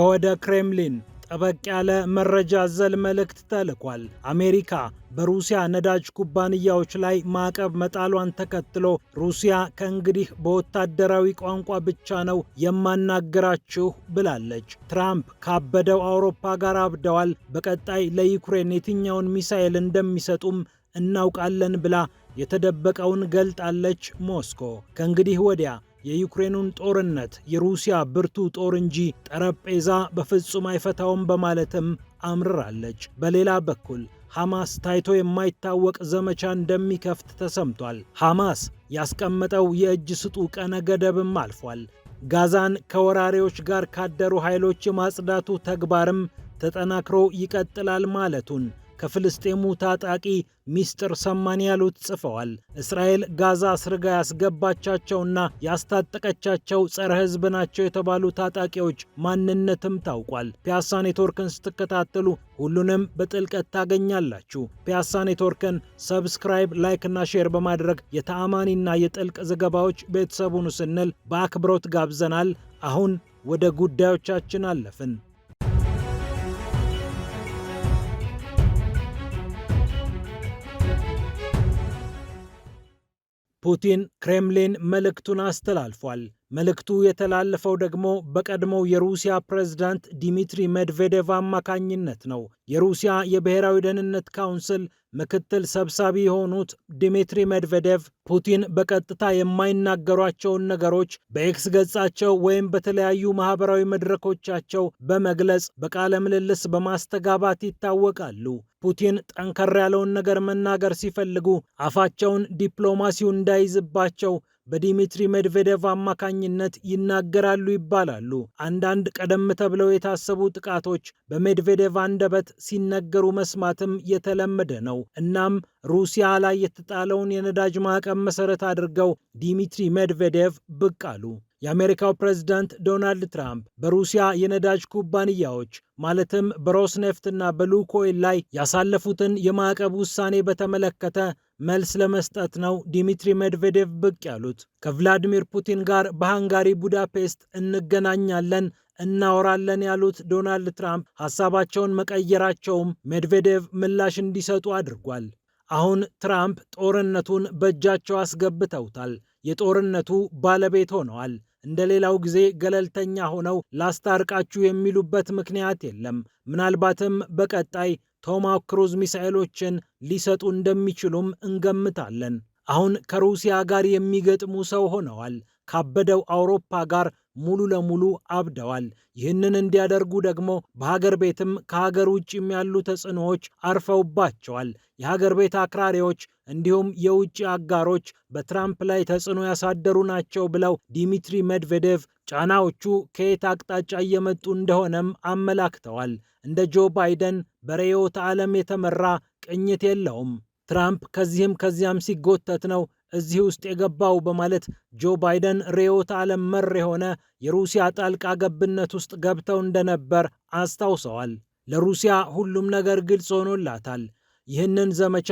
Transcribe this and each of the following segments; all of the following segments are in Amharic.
ከወደ ክሬምሊን ጠበቅ ያለ መረጃ ዘል መልእክት ተልኳል። አሜሪካ በሩሲያ ነዳጅ ኩባንያዎች ላይ ማዕቀብ መጣሏን ተከትሎ ሩሲያ ከእንግዲህ በወታደራዊ ቋንቋ ብቻ ነው የማናገራችሁ ብላለች። ትራምፕ ካበደው አውሮፓ ጋር አብደዋል፣ በቀጣይ ለዩክሬን የትኛውን ሚሳኤል እንደሚሰጡም እናውቃለን ብላ የተደበቀውን ገልጣለች። ሞስኮ ከእንግዲህ ወዲያ የዩክሬኑን ጦርነት የሩሲያ ብርቱ ጦር እንጂ ጠረጴዛ በፍጹም አይፈታውም በማለትም አምርራለች። በሌላ በኩል ሐማስ ታይቶ የማይታወቅ ዘመቻ እንደሚከፍት ተሰምቷል። ሐማስ ያስቀመጠው የእጅ ስጡ ቀነ ገደብም አልፏል። ጋዛን ከወራሪዎች ጋር ካደሩ ኃይሎች የማጽዳቱ ተግባርም ተጠናክሮ ይቀጥላል ማለቱን ከፍልስጤሙ ታጣቂ ሚስጥር ሰማን ያሉት ጽፈዋል። እስራኤል ጋዛ አስርጋ ያስገባቻቸውና ያስታጠቀቻቸው ጸረ ሕዝብ ናቸው የተባሉ ታጣቂዎች ማንነትም ታውቋል። ፒያሳ ኔትወርክን ስትከታተሉ ሁሉንም በጥልቀት ታገኛላችሁ። ፒያሳ ኔትወርክን ሰብስክራይብ፣ ላይክ እና ሼር በማድረግ የተአማኒና የጥልቅ ዘገባዎች ቤተሰቡን ስንል በአክብሮት ጋብዘናል። አሁን ወደ ጉዳዮቻችን አለፍን። ፑቲን ክሬምሊን መልእክቱን አስተላልፏል። መልእክቱ የተላለፈው ደግሞ በቀድሞው የሩሲያ ፕሬዝዳንት ዲሚትሪ ሜድቬዴቭ አማካኝነት ነው። የሩሲያ የብሔራዊ ደህንነት ካውንስል ምክትል ሰብሳቢ የሆኑት ዲሚትሪ ሜድቬዴቭ ፑቲን በቀጥታ የማይናገሯቸውን ነገሮች በኤክስ ገጻቸው ወይም በተለያዩ ማህበራዊ መድረኮቻቸው በመግለጽ በቃለ ምልልስ በማስተጋባት ይታወቃሉ። ፑቲን ጠንከር ያለውን ነገር መናገር ሲፈልጉ አፋቸውን ዲፕሎማሲው እንዳይዝባቸው በዲሚትሪ ሜድቬዴቭ አማካኝነት ይናገራሉ ይባላሉ። አንዳንድ ቀደም ተብለው የታሰቡ ጥቃቶች በሜድቬዴቭ አንደበት ሲነገሩ መስማትም የተለመደ ነው። እናም ሩሲያ ላይ የተጣለውን የነዳጅ ማዕቀብ መሰረት አድርገው ዲሚትሪ ሜድቬዴቭ ብቅ አሉ። የአሜሪካው ፕሬዝዳንት ዶናልድ ትራምፕ በሩሲያ የነዳጅ ኩባንያዎች ማለትም በሮስኔፍትና በሉኮይል ላይ ያሳለፉትን የማዕቀብ ውሳኔ በተመለከተ መልስ ለመስጠት ነው ዲሚትሪ ሜድቬዴቭ ብቅ ያሉት። ከቭላዲሚር ፑቲን ጋር በሃንጋሪ ቡዳፔስት እንገናኛለን እናወራለን ያሉት ዶናልድ ትራምፕ ሀሳባቸውን መቀየራቸውም ሜድቬዴቭ ምላሽ እንዲሰጡ አድርጓል። አሁን ትራምፕ ጦርነቱን በእጃቸው አስገብተውታል። የጦርነቱ ባለቤት ሆነዋል። እንደ ሌላው ጊዜ ገለልተኛ ሆነው ላስታርቃችሁ የሚሉበት ምክንያት የለም። ምናልባትም በቀጣይ ቶማሃውክ ክሩዝ ሚሳኤሎችን ሊሰጡ እንደሚችሉም እንገምታለን። አሁን ከሩሲያ ጋር የሚገጥሙ ሰው ሆነዋል። ካበደው አውሮፓ ጋር ሙሉ ለሙሉ አብደዋል። ይህንን እንዲያደርጉ ደግሞ በሀገር ቤትም ከሀገር ውጭም ያሉ ተጽዕኖዎች አርፈውባቸዋል። የሀገር ቤት አክራሪዎች እንዲሁም የውጭ አጋሮች በትራምፕ ላይ ተጽዕኖ ያሳደሩ ናቸው ብለው ዲሚትሪ ሜድቬዴቭ ጫናዎቹ ከየት አቅጣጫ እየመጡ እንደሆነም አመላክተዋል። እንደ ጆ ባይደን በርዕዮተ ዓለም የተመራ ቅኝት የለውም። ትራምፕ ከዚህም ከዚያም ሲጎተት ነው እዚህ ውስጥ የገባው በማለት ጆ ባይደን ርዕዮተ ዓለም መር የሆነ የሩሲያ ጣልቃ ገብነት ውስጥ ገብተው እንደነበር አስታውሰዋል። ለሩሲያ ሁሉም ነገር ግልጽ ሆኖላታል። ይህንን ዘመቻ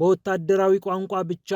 በወታደራዊ ቋንቋ ብቻ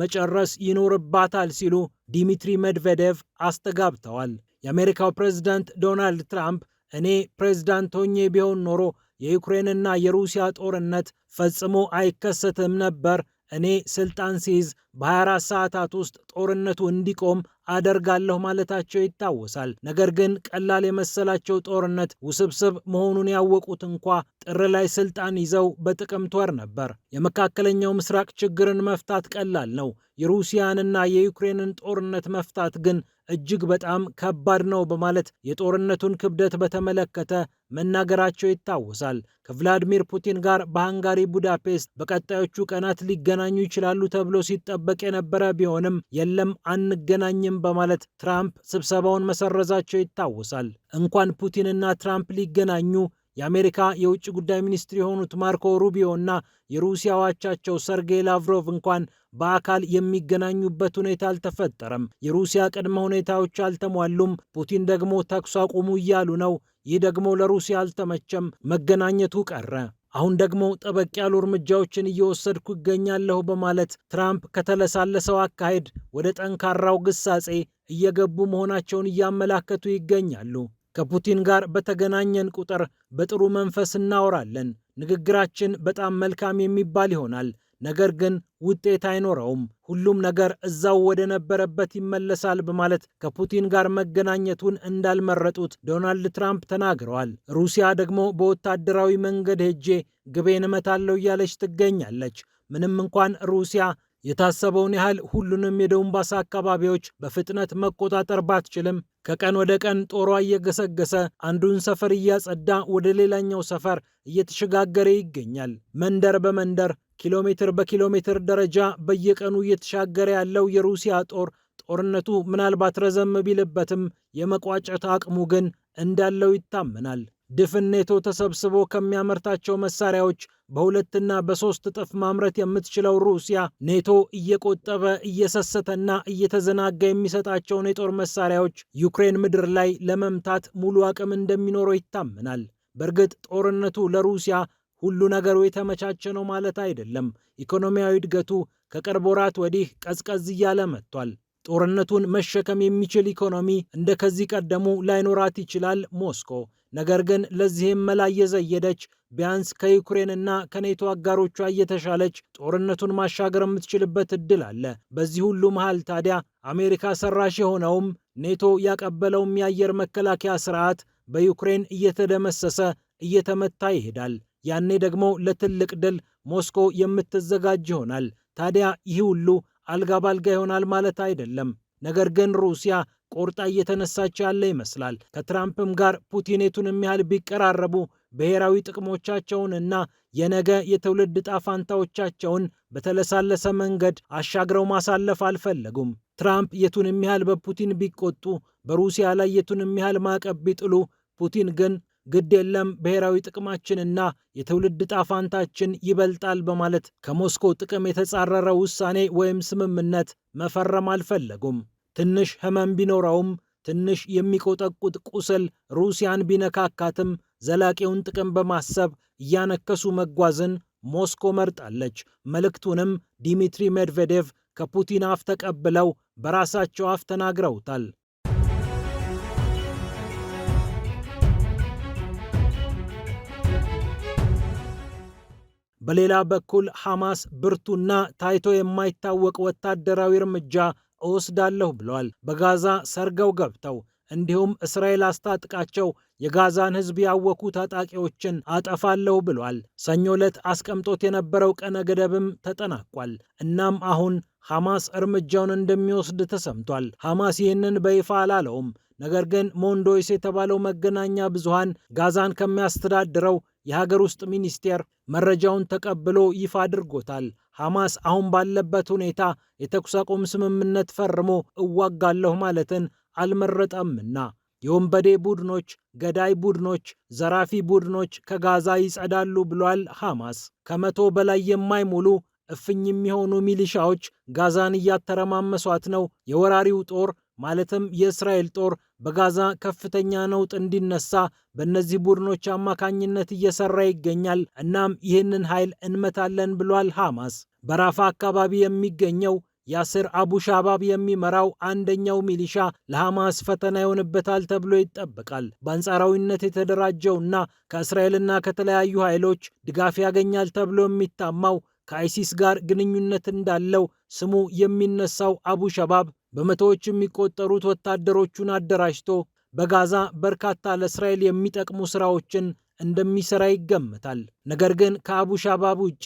መጨረስ ይኖርባታል ሲሉ ዲሚትሪ መድቬዴቭ አስተጋብተዋል። የአሜሪካው ፕሬዝዳንት ዶናልድ ትራምፕ እኔ ፕሬዝዳንት ሆኜ ቢሆን ኖሮ የዩክሬንና የሩሲያ ጦርነት ፈጽሞ አይከሰትም ነበር፣ እኔ ስልጣን ሲይዝ በ24 ሰዓታት ውስጥ ጦርነቱ እንዲቆም አደርጋለሁ ማለታቸው ይታወሳል። ነገር ግን ቀላል የመሰላቸው ጦርነት ውስብስብ መሆኑን ያወቁት እንኳ ጥር ላይ ስልጣን ይዘው በጥቅምት ወር ነበር። የመካከለኛው ምስራቅ ችግርን መፍታት ቀላል ነው። የሩሲያንና የዩክሬንን ጦርነት መፍታት ግን እጅግ በጣም ከባድ ነው በማለት የጦርነቱን ክብደት በተመለከተ መናገራቸው ይታወሳል። ከቭላዲሚር ፑቲን ጋር በሃንጋሪ ቡዳፔስት በቀጣዮቹ ቀናት ሊገናኙ ይችላሉ ተብሎ ሲጠ። ሲጠበቅ የነበረ ቢሆንም የለም አንገናኝም በማለት ትራምፕ ስብሰባውን መሰረዛቸው ይታወሳል። እንኳን ፑቲንና ትራምፕ ሊገናኙ የአሜሪካ የውጭ ጉዳይ ሚኒስትር የሆኑት ማርኮ ሩቢዮ እና የሩሲያ አቻቸው ሰርጌይ ላቭሮቭ እንኳን በአካል የሚገናኙበት ሁኔታ አልተፈጠረም። የሩሲያ ቅድመ ሁኔታዎች አልተሟሉም፣ ፑቲን ደግሞ ተኩስ አቁሙ እያሉ ነው። ይህ ደግሞ ለሩሲያ አልተመቸም፣ መገናኘቱ ቀረ። አሁን ደግሞ ጠበቅ ያሉ እርምጃዎችን እየወሰድኩ ይገኛለሁ በማለት ትራምፕ ከተለሳለሰው አካሄድ ወደ ጠንካራው ግሳጼ እየገቡ መሆናቸውን እያመላከቱ ይገኛሉ። ከፑቲን ጋር በተገናኘን ቁጥር በጥሩ መንፈስ እናወራለን። ንግግራችን በጣም መልካም የሚባል ይሆናል። ነገር ግን ውጤት አይኖረውም፣ ሁሉም ነገር እዛው ወደ ነበረበት ይመለሳል በማለት ከፑቲን ጋር መገናኘቱን እንዳልመረጡት ዶናልድ ትራምፕ ተናግረዋል። ሩሲያ ደግሞ በወታደራዊ መንገድ ሄጄ ግቤን እመታለሁ እያለች ትገኛለች። ምንም እንኳን ሩሲያ የታሰበውን ያህል ሁሉንም የዶንባስ አካባቢዎች በፍጥነት መቆጣጠር ባትችልም ከቀን ወደ ቀን ጦሯ እየገሰገሰ አንዱን ሰፈር እያጸዳ ወደ ሌላኛው ሰፈር እየተሸጋገረ ይገኛል። መንደር በመንደር ኪሎ ሜትር በኪሎ ሜትር ደረጃ በየቀኑ እየተሻገረ ያለው የሩሲያ ጦር ጦርነቱ ምናልባት ረዘም ቢልበትም የመቋጨት አቅሙ ግን እንዳለው ይታመናል። ድፍን ኔቶ ተሰብስቦ ከሚያመርታቸው መሳሪያዎች በሁለትና በሶስት እጥፍ ማምረት የምትችለው ሩሲያ ኔቶ እየቆጠበ እየሰሰተና እየተዘናጋ የሚሰጣቸውን የጦር መሳሪያዎች ዩክሬን ምድር ላይ ለመምታት ሙሉ አቅም እንደሚኖረው ይታመናል። በእርግጥ ጦርነቱ ለሩሲያ ሁሉ ነገሩ የተመቻቸ ነው ማለት አይደለም። ኢኮኖሚያዊ እድገቱ ከቅርብ ወራት ወዲህ ቀዝቀዝ እያለ መጥቷል። ጦርነቱን መሸከም የሚችል ኢኮኖሚ እንደ ከዚህ ቀደሙ ላይኖራት ይችላል ሞስኮ። ነገር ግን ለዚህም መላ እየዘየደች ቢያንስ ከዩክሬንና ከኔቶ አጋሮቿ እየተሻለች ጦርነቱን ማሻገር የምትችልበት እድል አለ። በዚህ ሁሉ መሃል ታዲያ አሜሪካ ሰራሽ የሆነውም ኔቶ ያቀበለውም የአየር መከላከያ ስርዓት በዩክሬን እየተደመሰሰ እየተመታ ይሄዳል። ያኔ ደግሞ ለትልቅ ድል ሞስኮ የምትዘጋጅ ይሆናል። ታዲያ ይህ ሁሉ አልጋ ባልጋ ይሆናል ማለት አይደለም። ነገር ግን ሩሲያ ቆርጣ እየተነሳች ያለ ይመስላል። ከትራምፕም ጋር ፑቲን የቱንም የሚያህል ቢቀራረቡ ብሔራዊ ጥቅሞቻቸውን እና የነገ የትውልድ ጣፋንታዎቻቸውን በተለሳለሰ መንገድ አሻግረው ማሳለፍ አልፈለጉም። ትራምፕ የቱን የሚያህል በፑቲን ቢቆጡ፣ በሩሲያ ላይ የቱን የሚያህል ማዕቀብ ቢጥሉ ፑቲን ግን ግድ የለም ብሔራዊ ጥቅማችንና የትውልድ ጣፋንታችን ይበልጣል በማለት ከሞስኮ ጥቅም የተጻረረ ውሳኔ ወይም ስምምነት መፈረም አልፈለጉም። ትንሽ ሕመም ቢኖረውም ትንሽ የሚቆጠቁጥ ቁስል ሩሲያን ቢነካካትም ዘላቂውን ጥቅም በማሰብ እያነከሱ መጓዝን ሞስኮ መርጣለች። መልእክቱንም ዲሚትሪ ሜድቬዴቭ ከፑቲን አፍ ተቀብለው በራሳቸው አፍ ተናግረውታል። በሌላ በኩል ሐማስ ብርቱና ታይቶ የማይታወቅ ወታደራዊ እርምጃ እወስዳለሁ ብለዋል። በጋዛ ሰርገው ገብተው እንዲሁም እስራኤል አስታጥቃቸው የጋዛን ሕዝብ ያወኩ ታጣቂዎችን አጠፋለሁ ብሏል። ሰኞ ዕለት አስቀምጦት የነበረው ቀነ ገደብም ተጠናቋል። እናም አሁን ሐማስ እርምጃውን እንደሚወስድ ተሰምቷል። ሐማስ ይህንን በይፋ አላለውም። ነገር ግን ሞንዶይስ የተባለው መገናኛ ብዙሃን ጋዛን ከሚያስተዳድረው የሀገር ውስጥ ሚኒስቴር መረጃውን ተቀብሎ ይፋ አድርጎታል። ሐማስ አሁን ባለበት ሁኔታ የተኩስ አቁም ስምምነት ፈርሞ እዋጋለሁ ማለትን አልመረጠምና። የወንበዴ ቡድኖች፣ ገዳይ ቡድኖች፣ ዘራፊ ቡድኖች ከጋዛ ይጸዳሉ ብሏል ሐማስ። ከመቶ በላይ የማይሞሉ እፍኝ የሚሆኑ ሚሊሻዎች ጋዛን እያተረማመሷት ነው። የወራሪው ጦር ማለትም የእስራኤል ጦር በጋዛ ከፍተኛ ነውጥ እንዲነሳ በእነዚህ ቡድኖች አማካኝነት እየሰራ ይገኛል። እናም ይህንን ኃይል እንመታለን ብሏል ሐማስ። በራፋ አካባቢ የሚገኘው ያስር አቡ ሻባብ የሚመራው አንደኛው ሚሊሻ ለሐማስ ፈተና ይሆንበታል ተብሎ ይጠበቃል። በአንጻራዊነት የተደራጀውና ከእስራኤልና ከተለያዩ ኃይሎች ድጋፍ ያገኛል ተብሎ የሚታማው ከአይሲስ ጋር ግንኙነት እንዳለው ስሙ የሚነሳው አቡ ሸባብ በመቶዎች የሚቆጠሩት ወታደሮቹን አደራጅቶ በጋዛ በርካታ ለእስራኤል የሚጠቅሙ ስራዎችን እንደሚሰራ ይገምታል። ነገር ግን ከአቡ ሻባብ ውጪ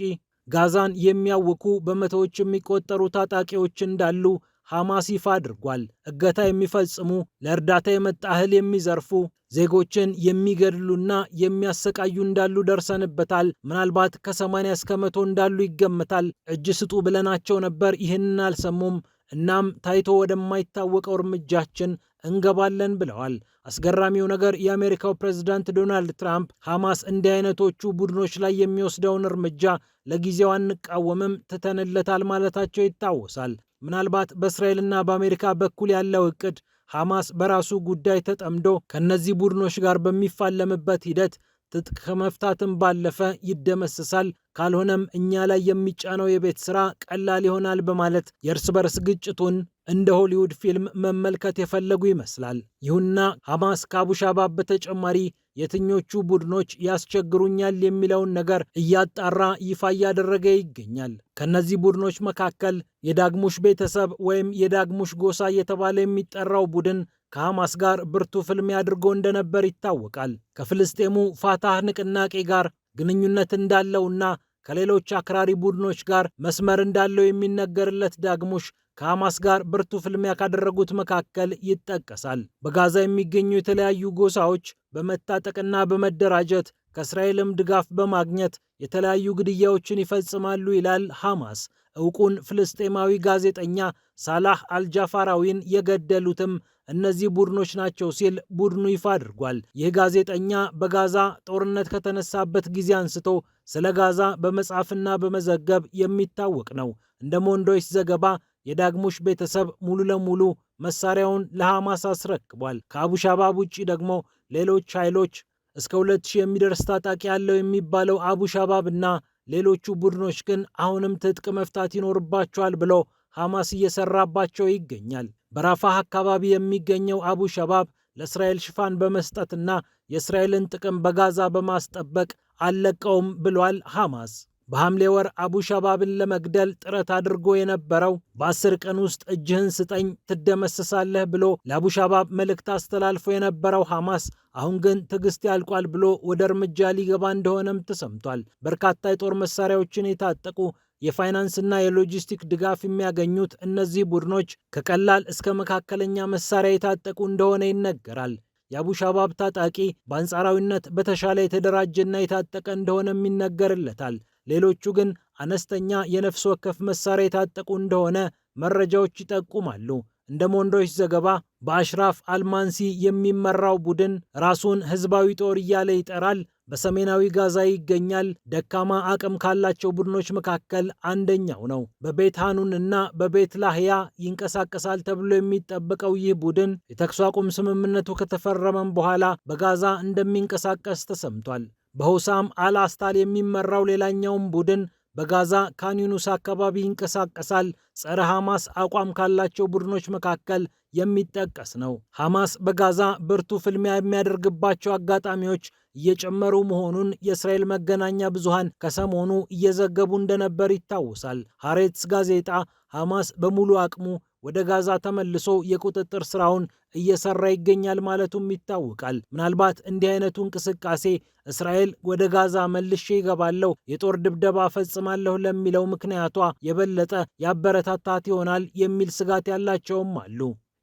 ጋዛን የሚያውኩ በመቶዎች የሚቆጠሩ ታጣቂዎች እንዳሉ ሐማስ ይፋ አድርጓል። እገታ የሚፈጽሙ፣ ለእርዳታ የመጣ እህል የሚዘርፉ፣ ዜጎችን የሚገድሉና የሚያሰቃዩ እንዳሉ ደርሰንበታል። ምናልባት ከ80 እስከ መቶ እንዳሉ ይገመታል። እጅ ስጡ ብለናቸው ነበር፣ ይህንን አልሰሙም። እናም ታይቶ ወደማይታወቀው እርምጃችን እንገባለን ብለዋል። አስገራሚው ነገር የአሜሪካው ፕሬዝዳንት ዶናልድ ትራምፕ ሐማስ እንዲህ አይነቶቹ ቡድኖች ላይ የሚወስደውን እርምጃ ለጊዜው አንቃወምም ትተንለታል ማለታቸው ይታወሳል። ምናልባት በእስራኤልና በአሜሪካ በኩል ያለው እቅድ ሐማስ በራሱ ጉዳይ ተጠምዶ ከእነዚህ ቡድኖች ጋር በሚፋለምበት ሂደት ትጥቅ ከመፍታትም ባለፈ ይደመስሳል፣ ካልሆነም እኛ ላይ የሚጫነው የቤት ስራ ቀላል ይሆናል በማለት የእርስ በርስ ግጭቱን እንደ ሆሊውድ ፊልም መመልከት የፈለጉ ይመስላል። ይሁንና ሐማስ ከአቡሻባብ በተጨማሪ የትኞቹ ቡድኖች ያስቸግሩኛል የሚለውን ነገር እያጣራ ይፋ እያደረገ ይገኛል። ከነዚህ ቡድኖች መካከል የዳግሙሽ ቤተሰብ ወይም የዳግሙሽ ጎሳ እየተባለ የሚጠራው ቡድን ከሐማስ ጋር ብርቱ ፍልሚያ አድርጎ እንደነበር ይታወቃል። ከፍልስጤሙ ፋታህ ንቅናቄ ጋር ግንኙነት እንዳለውና ከሌሎች አክራሪ ቡድኖች ጋር መስመር እንዳለው የሚነገርለት ዳግሙሽ ከሐማስ ጋር ብርቱ ፍልሚያ ካደረጉት መካከል ይጠቀሳል። በጋዛ የሚገኙ የተለያዩ ጎሳዎች በመታጠቅና በመደራጀት ከእስራኤልም ድጋፍ በማግኘት የተለያዩ ግድያዎችን ይፈጽማሉ ይላል ሐማስ። እውቁን ፍልስጤማዊ ጋዜጠኛ ሳላህ አልጃፋራዊን የገደሉትም እነዚህ ቡድኖች ናቸው ሲል ቡድኑ ይፋ አድርጓል። ይህ ጋዜጠኛ በጋዛ ጦርነት ከተነሳበት ጊዜ አንስቶ ስለ ጋዛ በመጻፍና በመዘገብ የሚታወቅ ነው። እንደ ሞንዶይስ ዘገባ የዳግሞሽ ቤተሰብ ሙሉ ለሙሉ መሳሪያውን ለሐማስ አስረክቧል። ከአቡሻባብ ውጭ ደግሞ ሌሎች ኃይሎች እስከ 2000 የሚደርስ ታጣቂ ያለው የሚባለው አቡሻባብ እና ሌሎቹ ቡድኖች ግን አሁንም ትጥቅ መፍታት ይኖርባቸዋል ብሎ ሐማስ እየሰራባቸው ይገኛል። በራፋህ አካባቢ የሚገኘው አቡ ሸባብ ለእስራኤል ሽፋን በመስጠትና የእስራኤልን ጥቅም በጋዛ በማስጠበቅ አልለቀውም ብሏል ሐማስ። በሐምሌ ወር አቡሻባብን ለመግደል ጥረት አድርጎ የነበረው በአስር ቀን ውስጥ እጅህን ስጠኝ ትደመስሳለህ ብሎ ለአቡሻባብ መልእክት አስተላልፎ የነበረው ሐማስ አሁን ግን ትዕግስት ያልቋል ብሎ ወደ እርምጃ ሊገባ እንደሆነም ተሰምቷል። በርካታ የጦር መሳሪያዎችን የታጠቁ የፋይናንስና የሎጂስቲክ ድጋፍ የሚያገኙት እነዚህ ቡድኖች ከቀላል እስከ መካከለኛ መሳሪያ የታጠቁ እንደሆነ ይነገራል። የአቡሻባብ ታጣቂ በአንጻራዊነት በተሻለ የተደራጀና የታጠቀ እንደሆነም ይነገርለታል። ሌሎቹ ግን አነስተኛ የነፍስ ወከፍ መሳሪያ የታጠቁ እንደሆነ መረጃዎች ይጠቁማሉ። እንደ ሞንዶች ዘገባ በአሽራፍ አልማንሲ የሚመራው ቡድን ራሱን ህዝባዊ ጦር እያለ ይጠራል፣ በሰሜናዊ ጋዛ ይገኛል። ደካማ አቅም ካላቸው ቡድኖች መካከል አንደኛው ነው። በቤት ሃኑን እና በቤት ላህያ ይንቀሳቀሳል ተብሎ የሚጠበቀው ይህ ቡድን የተኩስ አቁም ስምምነቱ ከተፈረመም በኋላ በጋዛ እንደሚንቀሳቀስ ተሰምቷል። በሆሳም አል የሚመራው ሌላኛውም ቡድን በጋዛ ካን አካባቢ ይንቀሳቀሳል። ጸረ ሐማስ አቋም ካላቸው ቡድኖች መካከል የሚጠቀስ ነው። ሐማስ በጋዛ ብርቱ ፍልሚያ የሚያደርግባቸው አጋጣሚዎች እየጨመሩ መሆኑን የእስራኤል መገናኛ ብዙሃን ከሰሞኑ እየዘገቡ እንደነበር ይታወሳል። ሐሬትስ ጋዜጣ ሐማስ በሙሉ አቅሙ ወደ ጋዛ ተመልሶ የቁጥጥር ስራውን እየሰራ ይገኛል ማለቱም ይታወቃል። ምናልባት እንዲህ አይነቱ እንቅስቃሴ እስራኤል ወደ ጋዛ መልሼ ይገባለሁ፣ የጦር ድብደባ ፈጽማለሁ ለሚለው ምክንያቷ የበለጠ ያበረታታት ይሆናል የሚል ስጋት ያላቸውም አሉ።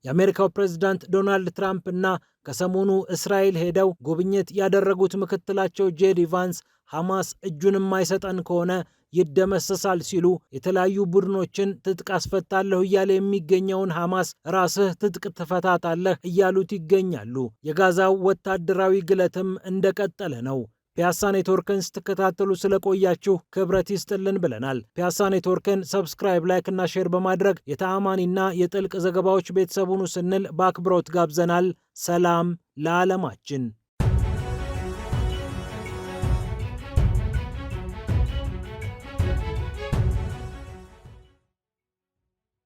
የአሜሪካው ፕሬዝዳንት ዶናልድ ትራምፕ እና ከሰሞኑ እስራኤል ሄደው ጉብኝት ያደረጉት ምክትላቸው ጄዲ ቫንስ ሐማስ እጁን የማይሰጠን ከሆነ ይደመሰሳል ሲሉ የተለያዩ ቡድኖችን ትጥቅ አስፈታለሁ እያለ የሚገኘውን ሐማስ ራስህ ትጥቅ ትፈታታለህ እያሉት ይገኛሉ። የጋዛው ወታደራዊ ግለትም እንደቀጠለ ነው። ፒያሳ ኔትወርክን ስትከታተሉ ስለቆያችሁ ክብረት ይስጥልን ብለናል። ፒያሳ ኔትወርክን ሰብስክራይብ፣ ላይክ እና ሼር በማድረግ የተአማኒና የጥልቅ ዘገባዎች ቤተሰቡን ስንል በአክብሮት ጋብዘናል። ሰላም ለዓለማችን።